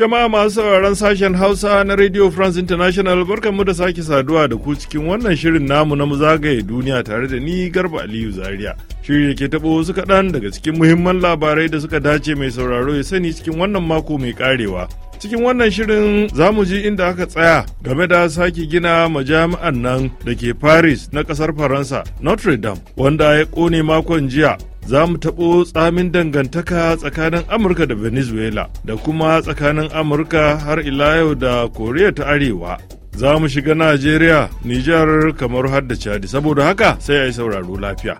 Jama'a masu sauraron sashen Hausa na Radio France International mu da sake saduwa da ku cikin wannan shirin namu na zagaye duniya tare da ni Garba Aliyu Zaria. shirin da ke taɓo wasu kaɗan daga cikin muhimman labarai da suka dace mai sauraro ya sani cikin wannan mako mai karewa. Cikin wannan shirin za mu ji inda aka tsaya game da sake gina majami'an nan da ke Paris na ƙasar Faransa Notre Dame wanda ya ƙone makon jiya za mu taɓo tsamin dangantaka tsakanin amurka da venezuela da kuma tsakanin amurka har ila yau da koriya ta arewa za mu shiga najeriya nijar kamar har da chadi saboda haka sai a yi sauraro lafiya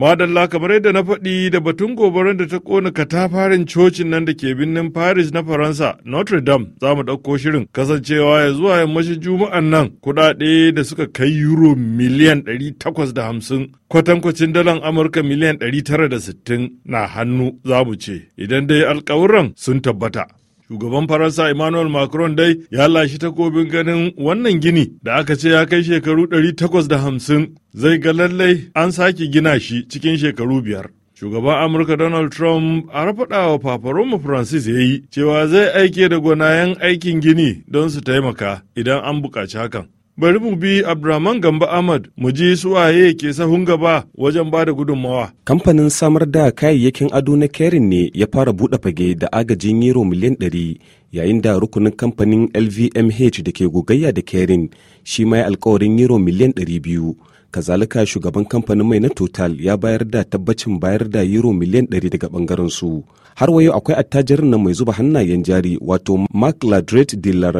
Madalla kamar yadda na faɗi da batun gobarar da ta ƙona katafarin cocin nan da ke birnin Paris na Faransa Notre Dame za mu ɗauko shirin kasancewa ya zuwa yammacin juma'an nan kuɗaɗe da suka kai euro miliyan 850 kwatankwacin dalan Amurka miliyan 960 na hannu za mu ce idan dai alkawuran sun tabbata. Shugaban Faransa Emmanuel Macron dai ya lashe takobin ganin wannan gini da aka ce ya kai shekaru 850 zai ga lallai an sake gina shi cikin shekaru biyar. Shugaban Amurka Donald Trump a rafaɗa wa Paparoma Francis ya yi cewa zai aike da gwanayen aikin gini don su taimaka idan an buƙaci hakan. Bari mu bi abdulrahman Gamba Ahmad mu ji su waye ke sahun gaba wajen ba da gudunmawa. Kamfanin samar da kayayyakin ado na Kerin ne ya fara buɗe fage da agajin euro miliyan ɗari yayin da rukunin kamfanin LVMH da ke gogayya da Kerin shi ma ya alkawarin euro miliyan 200. Kazalika shugaban kamfanin mai na Total ya bayar da tabbacin bayar da euro miliyan ɗari daga bangaren su. Har wayo akwai attajirin nan mai zuba hannayen jari wato Mark Ladret de la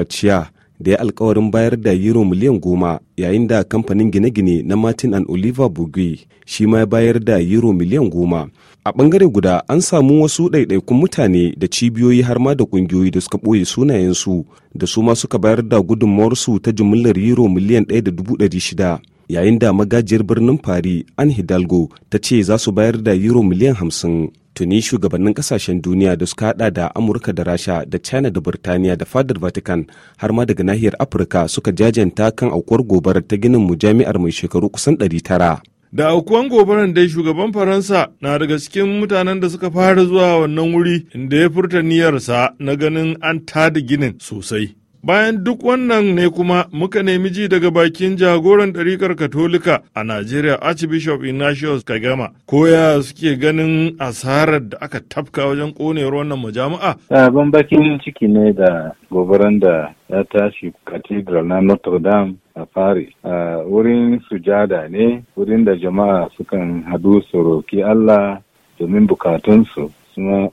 da ya alkawarin bayar da euro miliyan goma yayin da kamfanin gine-gine na martin and oliver bugui shi ma ya bayar da euro miliyan goma a bangare guda an samu wasu ɗaiɗaikun mutane da cibiyoyi har ma da ƙungiyoyi da suka ɓoye sunayensu da su ma suka bayar da gudunmawarsu ta jimillar euro miliyan ɗaya da dubu ɗari shida yayin da magajiyar birnin fari an hidalgo ta ce za su bayar da euro miliyan hamsin tuni shugabannin kasashen duniya da suka hada da amurka da rasha da china da burtaniya da fadar vatican har ma daga nahiyar afirka suka jajanta kan aukuwar gobarar ta ginin mu jami'ar mai shekaru kusan 900 da aukuwan gobarar dai shugaban faransa na daga cikin mutanen da suka fara zuwa wannan wuri inda ya furta niyyarsa na ganin an tada ginin sosai Bayan duk wannan ne kuma muka nemi ji daga bakin jagoran ɗarikar Katolika a Najeriya Archbishop Ignatius Kagama. ya suke ganin asarar da aka tafka wajen ƙone wannan majami'a? Sabon bakin ciki ne da gobaran da ya tashi Cathedral na Notre Dame a Paris. Wurin sujada ne, wurin da jama'a sukan hadu su roki Allah domin bukatunsu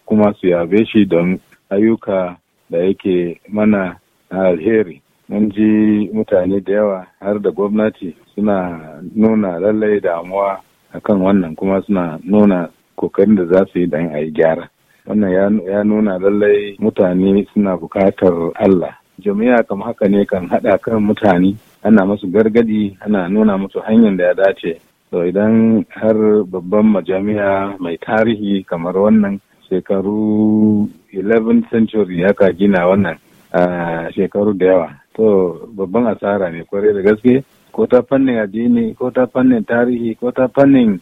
kuma su yabe shi don ayyuka da yake mana alheri mun ji mutane da yawa har da gwamnati suna nuna lallai damuwa akan wannan kuma suna nuna kokarin da za su yi don a yi gyara wannan ya nuna lallai mutane suna bukatar allah jami'a kama haka ne kan haɗa kan mutane ana masu gargadi ana nuna musu hanyar da ya dace so idan har babban majami'a mai tarihi kamar wannan shekaru 11 century haka gina wannan a shekaru da yawa to babban asara ne kwarai da gaske ko ta fannin addini ko ta fannin tarihi ko ta fannin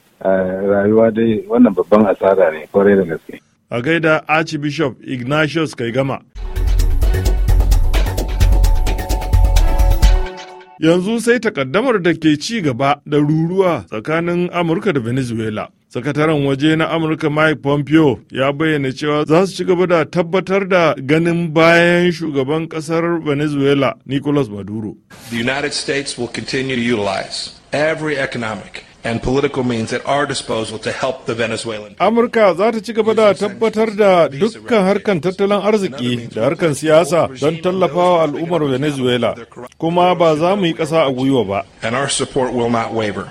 rayuwa dai wannan babban asara ne kwarai da gaske a gaida archbishop ignatius kai gama yanzu sai takaddamar da ke ci gaba da ruruwa tsakanin amurka da venezuela sakataren waje na amurka mike pompeo ya bayyana cewa za su ci gaba da tabbatar da ganin bayan shugaban kasar venezuela nicolas maduro the united states will continue to utilize every economic and political means at our disposal to help the Venezuelan. Amurka za ta ci gaba da tabbatar da dukkan harkan tattalin arziki da harkan siyasa don tallafawa al'ummar Venezuela, kuma ba za mu yi ƙasa a gwiwa ba. And our support will not waver.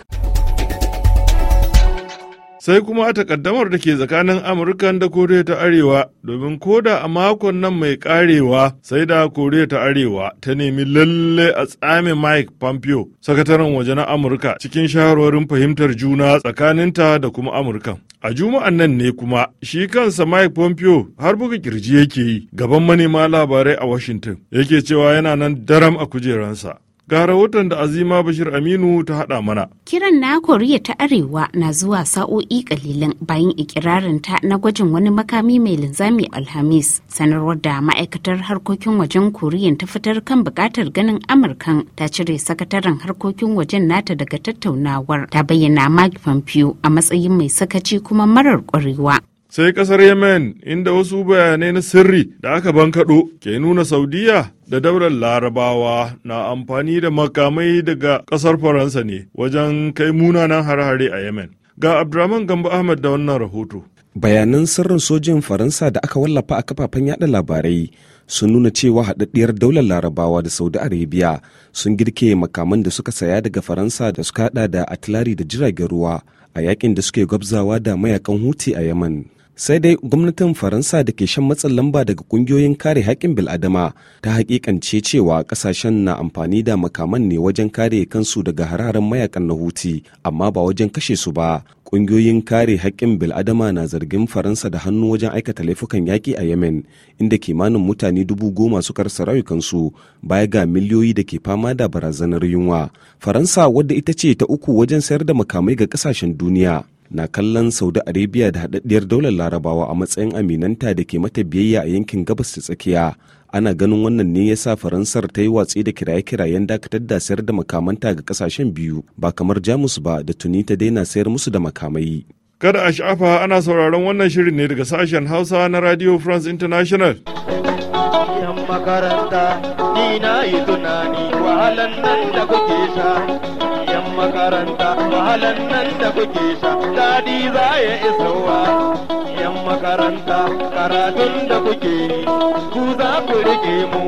sai kuma a takaddamar da ke tsakanin amurka da koriya ta arewa domin koda a makon nan mai karewa sai da koriya ta arewa ta nemi lalle a tsame mike pompeo sakataren waje na amurka cikin shawarwarin fahimtar juna tsakaninta da kuma amurka a juma'an nan ne kuma shi kansa mike pompeo har buga kirji yake yi gaban manema labarai a washington yake cewa yana nan daram a kujeransa Ga rahoton da Azima Bashir Aminu ta haɗa mana. Kiran na Koriya ta Arewa na zuwa sa'o'i kalilan bayan ikirarin ta na gwajin wani makami mai linzami Alhamis. Sanarwar da ma'aikatar harkokin wajen Koriya ta fitar kan buƙatar ganin Amurkan ta cire sakataren harkokin wajen nata daga tattaunawar. Ta bayyana Mike Pompeo a matsayin mai sakaci kuma marar ƙwarewa. sai kasar yemen inda wasu bayanai na sirri da aka bankaɗo ke nuna saudiya da daular larabawa na amfani da makamai daga kasar faransa ne wajen kai munanan harhare a yemen ga abdulrahman gambo ahmad da wannan rahoto bayanan sirrin sojin faransa da aka wallafa a kafafen yada labarai sun nuna cewa haɗaɗɗiyar daular larabawa da saudi arabia sun girke makaman da suka saya daga faransa da suka hada da atilari da jiragen ruwa a yakin da suke gwabzawa da mayakan huti a yaman sai dai gwamnatin faransa da ke shan matsin lamba daga kungiyoyin kare haƙƙin biladama ta haƙiƙance cewa ƙasashen na amfani da makaman ne wajen kare kansu daga hararen mayakan na huti amma ba wajen kashe su ba ƙungiyoyin kare haƙƙin biladama na zargin faransa da hannu wajen aikata laifukan yaƙi a yemen inda kimanin mutane dubu goma suka rasa rayukansu baya ga miliyoyi da ke fama da barazanar yunwa faransa wadda ita ce ta uku wajen sayar da makamai ga ƙasashen duniya na kallon saudi arabia da hadaddiyar daular larabawa a matsayin aminanta da ke mata biyayya a yankin gabas ta tsakiya ana ganin wannan ne ya sa faransar ta yi watsi da kiraye-kirayen dakatar da sayar da makamanta ga kasashen biyu ba kamar jamus ba da tuni ta daina sayar musu da makamai kada a sha'afa ana sauraron wannan shirin ne daga sashen hausa na radio france international makaranta makaranta mahalan nan da kuke sha daɗi za ya isowa yan makaranta karatun da kuke ku za ku rike mu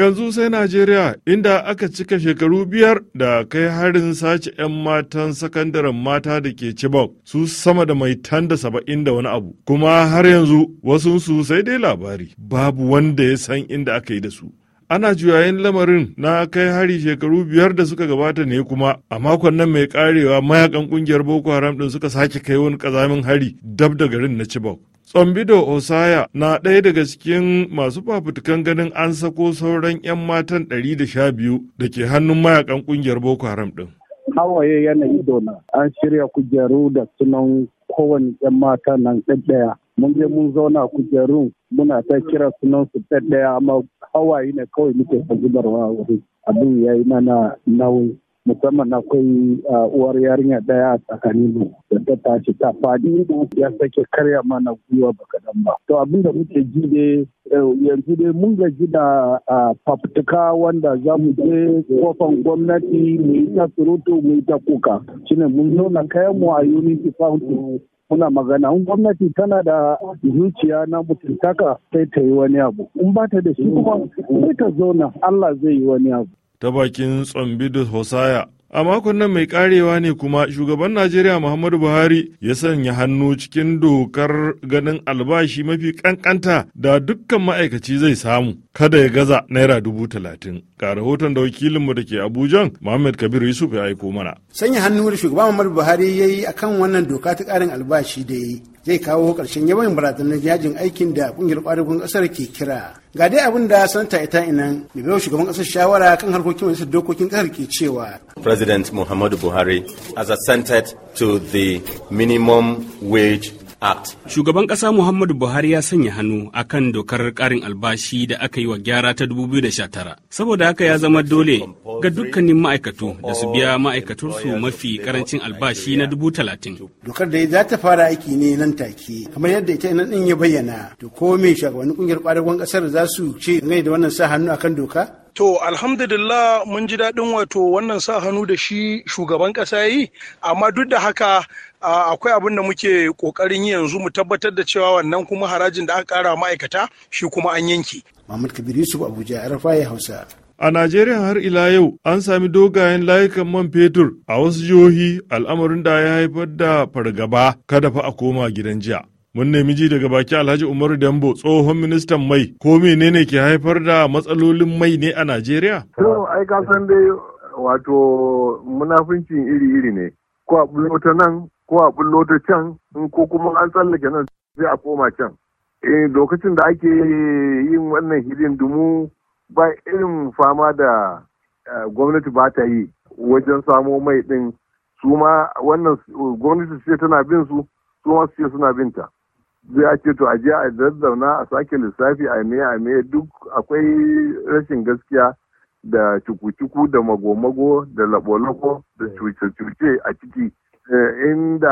yanzu sai Najeriya inda aka cika shekaru biyar da kai harin sace 'yan matan sakandaren mata da ke Chibok su sama da mai da saba'in da wani abu kuma har yanzu wasunsu sai dai labari babu wanda ya san inda aka yi da su. ana juyayin lamarin na kai hari shekaru biyar da suka gabata ne kuma a makon nan mai karewa mayakan kungiyar boko haram din suka sake kai wani kazamin hari dab da garin na chibok Tsombido Osaya na ɗaya daga cikin masu fafutukan ganin an sako sauran 'yan matan ɗari da da ke hannun mayakan kungiyar Boko Haram ɗin. Hawaye yanayi dona an shirya kujeru da sunan kowane 'yan mata nan ɗaya. Mun je mun zauna kujeru muna ta kira sunan su ɗaya amma Kawai ne kawai muke zubarwa wuri abin ya yi mana nauyi musamman akwai uwar yarinya ɗaya a tsakanin mu da ta tashi ta fadi ya sake karya mana gwiwa ba kaɗan ba to abin da muke ji ne eh, yanzu dai mun gaji da fafutuka wanda za mu je kofan gwamnati mu yi ta surutu mu yi ta kuka shine mun nuna kayan mu a unity muna magana in gwamnati tana da zuciya na mutuntaka sai ta yi wani abu in ba ta da shi kuma sai ta zauna Allah zai yi wani abu ta bakin da hosaya a makon nan mai karewa ne kuma shugaban najeriya muhammadu buhari ya sanya hannu cikin dokar ganin albashi mafi kankanta da dukkan ma'aikaci zai samu kada ya gaza naira dubu talatin ga rahoton da wakilinmu da ke abujan muhammad kabiru yusuf ya aiko mana sanya hannu da shugaban muhammad buhari ya yi a kan wannan doka ta karin albashi da ya yi zai kawo ƙarshen yawan barazanar yajin aikin da ƙungiyar ƙwadagon ƙasar ke kira ga dai abin da sanata ita ina mai baiwa shugaban ƙasar shawara kan harkokin majalisar dokokin ƙasar ke cewa president muhammadu buhari has assented to the minimum wage Act. Shugaban ƙasa Muhammadu Buhari ya sanya hannu akan dokar ƙarin albashi da aka yi wa gyara ta 2019. Saboda haka ya zama dole ga dukkanin ma'aikatu da su biya ma'aikatarsu mafi karancin albashi na dubu Dokar da za ta fara aiki ne nan take kamar yadda ita nan ɗin ya bayyana to ko me shugabannin ƙungiyar ƙwadagon ƙasar za su ce ne da wannan sa hannu akan doka? To alhamdulillah mun ji daɗin wato wannan sa hannu da shi shugaban ƙasa yi amma duk da haka akwai abin da muke kokarin yanzu mu tabbatar da cewa wannan kuma harajin da aka kara ma'aikata shi kuma an yanke. Muhammad Kabir Yusuf Abuja Arfaye Hausa. A Najeriya har ila yau an sami dogayen layukan man fetur a wasu jihohi al'amarin da ya haifar da fargaba kada fa a koma gidan jiya. Mun nemi ji daga baki Alhaji Umaru Dambo tsohon ministan mai ko menene ke haifar da matsalolin mai ne a Najeriya? To ai ka san dai wato munafincin iri-iri ne. Ko a nan ko a bullo ta can ko kuma an tsallake nan sai a koma can eh lokacin da ake yin wannan hidin dumu ba irin fama da eh, gwamnati ba ta yi wajen samo mai din su ma wannan gwamnati ce tana bin su su ma su suna bin ta zai a ce to a je a zazzauna a sake lissafi a me a me duk akwai rashin gaskiya da cuku-cuku da magomago da labo-labo da cuce-cuce a ciki Eh, inda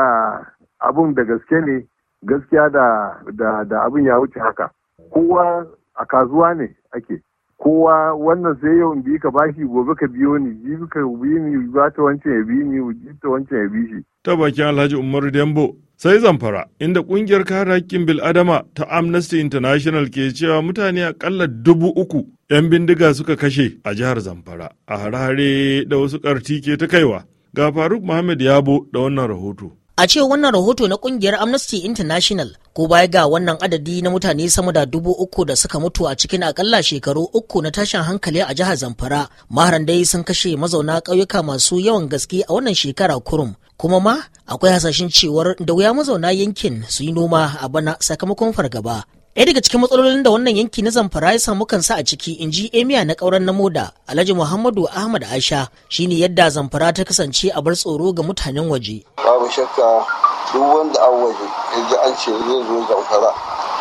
abun da gaske ne gaskiya da abun ya wuce haka kowa a kasuwa ne ake kowa wannan sai yau bi ka bashi gobe ka biyo ni jibi ka bi ni ba ta wancan ya bi ni jibi ta wancan ya bi shi. ta bakin alhaji Umar dembo sai zamfara inda kungiyar kare haƙƙin bil'adama ta amnesty international ke cewa mutane akalla dubu uku 'yan bindiga suka kashe a jihar zamfara a hare-hare da wasu ƙarti ke ta kaiwa Ga Faruk Muhammad Yabo da wannan rahoto. A ce wannan rahoto na kungiyar Amnesty International ko baya ga wannan adadi na mutane sama da dubu uku da suka mutu a cikin akalla shekaru uku na tashin hankali a jihar Zamfara. Maharan dai sun kashe mazauna ƙauyuka masu yawan gaske a wannan shekara kurum. Kuma ma akwai hasashen cewar da wuya mazauna yankin su yi noma a bana sakamakon fargaba. Ɗaya daga cikin matsalolin da wannan yanki na zamfara ya samu kansa a ciki in ji emiya na ƙauren na moda Alhaji Muhammadu Ahmad Aisha shine yadda zamfara ta kasance a bar tsoro ga mutanen waje. Babu shakka duk wanda an waje ya ji an ce zai zo zamfara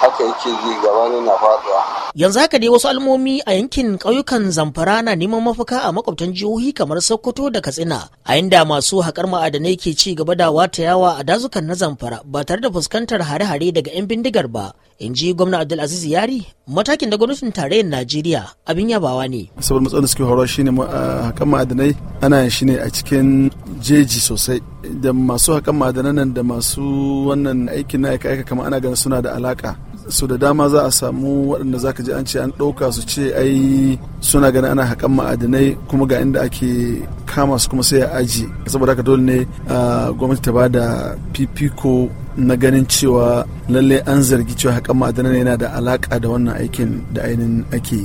haka yake ji gabani na faduwa yanzu haka dai wasu almomi a yankin ƙauyukan zamfara na neman mafaka a makwabtan jihohi kamar sokoto da katsina a inda masu haƙar ma'adanai ke ci gaba da watayawa a dazukan na zamfara ba tare da fuskantar hare-hare daga 'yan bindigar ba in ji gwamna abdulaziz yari matakin da gwamnatin tarayyar najeriya abin yabawa ne saboda matsalar suke horo shine hakan ma'adanai ana yin shi ne a cikin jeji sosai da masu hakan ma'adanan nan da masu wannan aikin na aika aika ana ganin suna da alaƙa. su da dama za a samu waɗanda za ka ji an ce an ɗauka su ce ai suna ganin ana haƙan ma'adinai kuma ga inda ake kama su kuma sai a aji saboda haka dole ne a gwamnati ta ba da fifiko na ganin cewa lalle an zargi cewa haƙan ma'adinai yana da alaƙa da wannan aikin da ainihin ake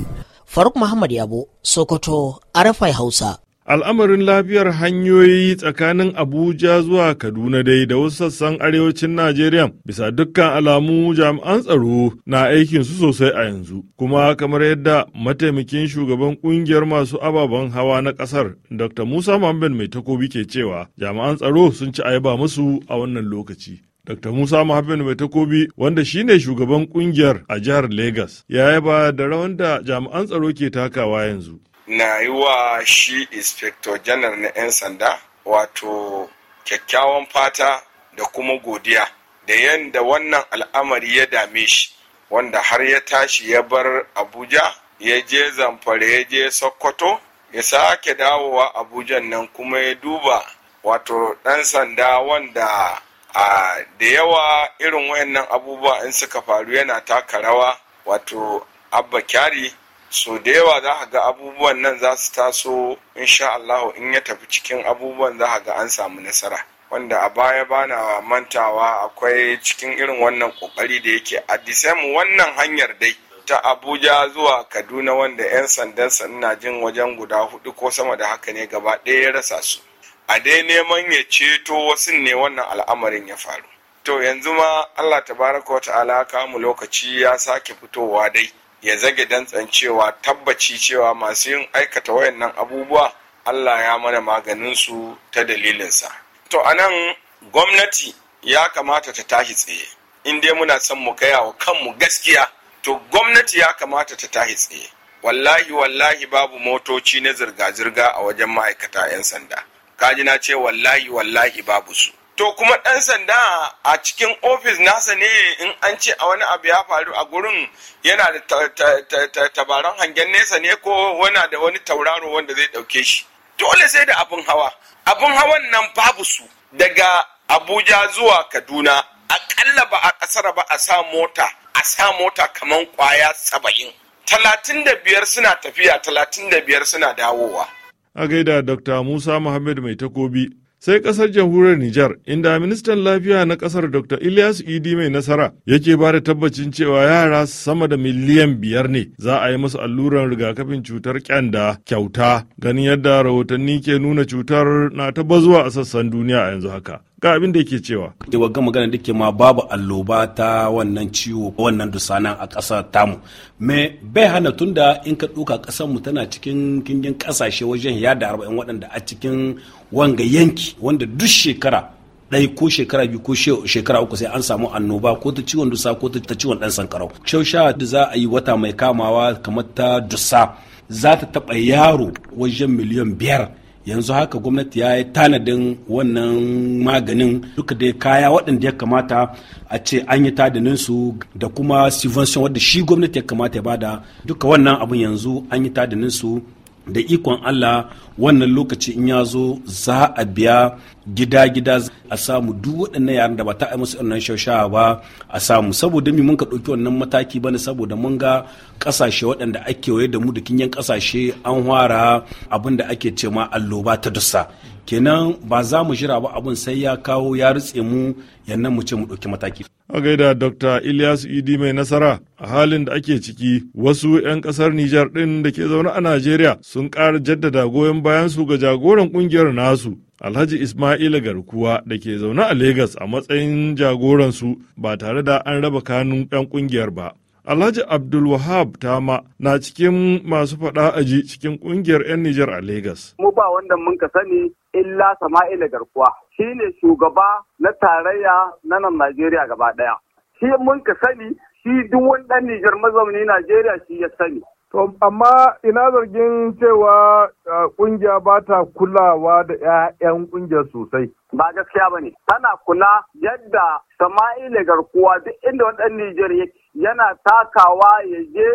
faruk muhammad yabo sokoto arafai hausa Al'amarin lafiyar hanyoyi tsakanin Abuja zuwa Kaduna dai da wasu sassan arewacin Najeriya bisa dukkan alamu jami'an tsaro na aikin su sosai a yanzu. Kuma kamar yadda mataimakin shugaban kungiyar masu ababen hawa na kasar Dr. Musa Muhammad mai takobi ke cewa jami'an tsaro sun ci ayaba musu a wannan lokaci. Dr. Musa Muhammad mai takobi wanda shine shugaban kungiyar a jihar Legas ya yaba da rawan da jami'an tsaro ke takawa yanzu. na yi wa shi inspector janar na 'yan sanda wato kyakkyawan fata da kuma godiya da yadda wannan al'amari ya dame shi wanda har ya tashi ya bar abuja ya je zamfara ya je sokoto ya sake dawowa abuja nan kuma ya duba wato ɗan sanda wanda a da yawa irin wayannan abubuwa in suka faru yana taka rawa wato abba kyari so da yawa za ga abubuwan nan za su taso insha Allah in ya tafi cikin abubuwan za ga an samu nasara wanda a baya bana mantawa akwai cikin irin wannan kokari da yake a disem wannan hanyar dai ta abuja zuwa kaduna wanda 'yan sandan na jin wajen guda hudu ko sama da haka ne gaba ɗaya ya rasa su a dai neman ya ceto wasu ne wannan al'amarin ya faru to yanzu ma allah Ta baraka wata ta'ala kamu lokaci ya sake fitowa dai ya zage dantsan cewa tabbaci cewa masu yin aikata wayannan abubuwa Allah ya mana maganinsu ta dalilinsa. To a nan gwamnati ya kamata ta tashi tsaye, in dai muna son mu kaya wa kanmu gaskiya, to gwamnati ya kamata ta tashi tsaye. Wallahi wallahi babu motoci na zirga-zirga a wajen ma'aikata 'yan sanda. Kaji na ce wallahi wallahi babu su. to kuma ɗan sanda a cikin ofis nasa ne in an ce a wani abu ya faru a gurin yana da tabaran hangen nesa ne ko wana da wani tauraro wanda zai ɗauke shi dole sai da abin hawa abin hawan nan babu su daga abuja zuwa kaduna aƙalla ba a ƙasar ba a sa mota a sa mota kamar ƙwaya saba'in talatin da biyar suna tafiya talatin da biyar suna dawowa a gaida dr musa muhammad mai takobi sai kasar jamhuriyar Nijar, inda ministan lafiya na kasar Dr. Ilyas Idi mai nasara yake ba da tabbacin cewa yara sama da miliyan biyar ne za a yi musu alluran rigakafin cutar kyanda kyauta ganin yadda rahotanni ke nuna cutar na ta bazuwa a sassan duniya a yanzu haka. ga abin da yake cewa. Da wagga magana da ke ma babu alloba ta wannan ciwo wannan dusana a ƙasar tamu. Me bai hana tunda in ka ɗuka ƙasar mu tana cikin kingin ƙasashe wajen ya da arba'in waɗanda a cikin wanga yanki wanda duk shekara ɗaya ko shekara biyu ko shekara uku sai an samu annoba ko ta ciwon dusa ko ta ciwon ɗan sankarau. Shausha da za a yi wata mai kamawa kamar ta dusa za ta taɓa yaro wajen miliyan biyar. yanzu haka gwamnati ya yi tanadin wannan maganin duka da kaya waɗanda ya kamata a ce an yi tadanin su da kuma subvention wadda shi gwamnati ya kamata ya bada duka wannan abin yanzu an yi tadanin su da ikon Allah wannan lokaci in ya zo za a biya gida-gida a samu duk waɗannan yaran da ba ta yi musu wannan shaushawa ba a samu saboda mi mun ka ɗauki wannan mataki bane saboda mun ga ƙasashe waɗanda ake waye da mu da kinyan ƙasashe an hwara abin da ake ce allo alloba ta dussa kenan ba za mu jira ba abun sai ya kawo ya rutse mu yannan mu ce mu ɗauki mataki. A gaida Dr. Ilyas Idi mai nasara a halin da ake ciki wasu 'yan ƙasar Nijar ɗin da ke zaune a Najeriya sun ƙara jaddada goyon bayan su ga jagoran ƙungiyar nasu Alhaji Ismaila Garkuwa da ke zaune a Legas a matsayin jagoransu ba tare da an raba kanun 'yan ƙungiyar ba. Alhaji Abdulwahab Tama na cikin masu faɗa aji cikin ƙungiyar 'yan Nijar a Legas. Mu ba wanda mun ka sani illa Sama'ila Garkuwa shi ne shugaba na tarayya na nan Najeriya gaba ɗaya. Shi mun ka sani shi duk wani ɗan Nijar mazauni Najeriya shi ya sani. To amma ina zargin cewa ƙungiya ba ta kulawa da 'ya'yan kungiyar sosai. Ba gaskiya ba ne, tana kula yadda Sama'ila Garkuwa duk inda wani ɗan Nijar yana takawa ya je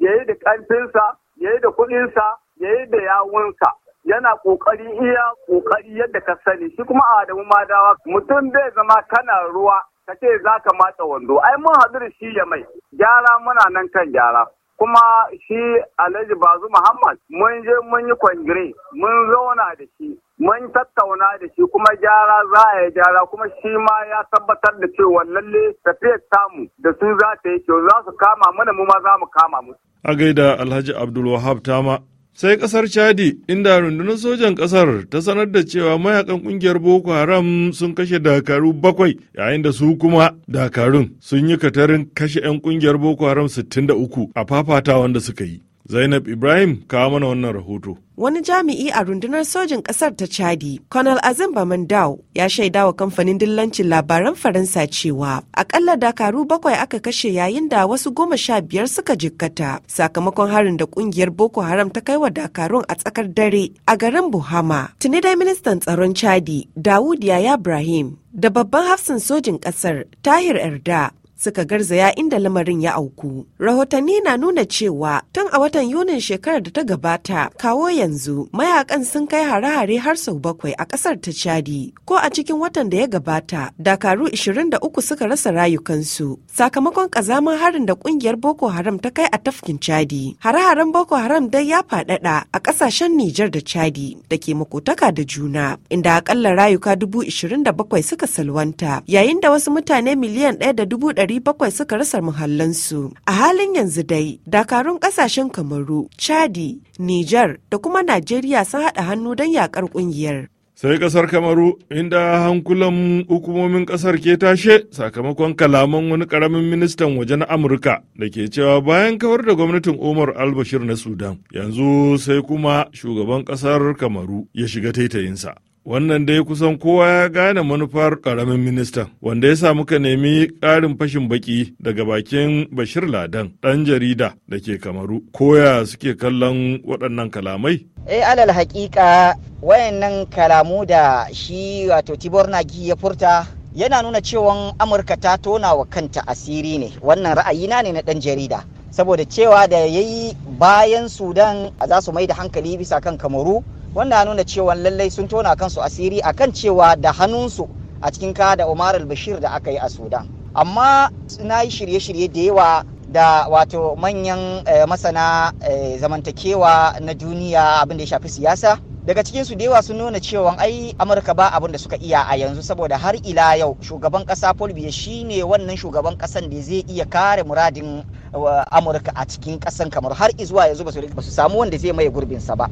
ya yi da ƙarfinsa, ya yi da kuɗinsa, ya yi da yawunsa. yana kokari iya kokari yadda ka sani shi kuma Adamu Madawa mutum zai zama kana ruwa ka ce za ka matsa wando ai mun haɗu da shi ya mai gyara muna nan kan gyara kuma shi Alhaji Bazu Muhammad mun je mun yi kwangire mun zauna da shi mun tattauna da shi kuma gyara za a yi gyara kuma shi ma ya tabbatar da cewa lalle tafiyar tamu da su za ta yi kyau za su kama mana mu ma za mu kama mu a gaida Alhaji Abdul Wahab Tama sai kasar chadi inda rundunar sojan kasar ta sanar da cewa mayakan kungiyar boko haram sun kashe dakaru bakwai yayin da su kuma dakarun sun yi katarin kashe 'yan kungiyar boko haram 63 a fafata wanda suka yi Zainab Ibrahim kawo mana wannan rahoto. Wani jami'i a rundunar sojin ƙasar ta Chadi, Colonel Azim Bamandau, ya shaida wa kamfanin dillancin labaran Faransa cewa akalla dakaru bakwai aka kashe yayin da wasu goma sha biyar suka jikkata sakamakon harin da ƙungiyar Boko Haram ta kai wa dakarun a tsakar dare a garin Buhama. Tuni dai ministan tsaron Chadi, Dawud Yaya Ibrahim da babban hafsan sojin ƙasar Tahir Erda suka garzaya inda lamarin ya auku. Rahotanni na nuna cewa tun a watan Yunin shekarar da ta gabata kawo yanzu mayakan sun kai hare-hare har sau bakwai a ƙasar ta Chadi. Ko a cikin watan da ya gabata, dakaru 23 suka rasa rayukansu sakamakon kazaman harin da ƙungiyar Boko Haram ta kai a tafkin Chadi. Hare-haren Boko Haram dai ya faɗaɗa a ƙasashen Nijar da Chadi da ke makotaka da juna, inda akalla rayuka 27 suka salwanta, yayin da wasu mutane miliyan ɗaya da dubu 700 suka rasa muhallansu. A halin yanzu dai, dakarun kasashen Kamaru, Chadi, Nijar da kuma Najeriya sun haɗa hannu don yakar ƙungiyar. sai kasar kamaru inda hankulan hukumomin kasar ke tashe sakamakon kalaman wani karamin ministan waje na amurka da ke cewa bayan kawar da gwamnatin umar bashir na sudan yanzu sai kuma shugaban kasar kamaru ya shiga taitayinsa Wannan dai kusan kowa ya gane manufar ƙaramin ministan, wanda ya sa muka nemi ƙarin fashin baki daga bakin Bashir Ladan, ɗan jarida da ke Kamaru. Koya suke kallon waɗannan kalamai? Eh alal haƙiƙa wayannan kalamu da shi wato Tibor Nagi ya furta yana nuna cewa Amurka ta tona wa kanta asiri ne. Wannan ra'ayina ne na ɗan jarida. Saboda cewa da ya yi bayan Sudan za su mai da hankali bisa kan Kamaru wanda ya nuna cewa lallai sun tona kansu asiri akan cewa da hannunsu a cikin da umar al-bashir da aka yi a sudan amma na yi shirye-shirye da yawa da wato manyan eh, masana eh, zamantakewa na duniya abin da ya shafi siyasa daga cikin su da yawa sun nuna cewa ai amurka ba abin da suka iya a yanzu saboda har ila yau shugaban kasa paul biya shine wannan shugaban kasan da zai iya kare muradin eh, amurka a cikin kasan kamar har izuwa yanzu ba su samu wanda zai maye gurbinsa ba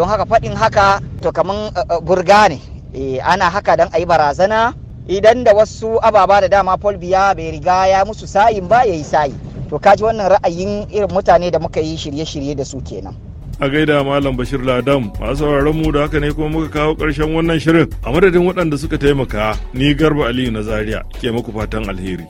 don haka faɗin haka to kaman eh, eh, burga ne eh, ana haka don a yi barazana idan da wasu ababa da dama paul biya bai riga ya musu sayin ba ya yi sayi to kaji wannan ra'ayin irin mutane da muka yi shirye-shirye da su kenan a gaida malam bashir ladam masu sauraron mu da haka ne kuma muka kawo karshen wannan shirin a madadin waɗanda suka taimaka ni garba aliyu na zaria ke muku fatan alheri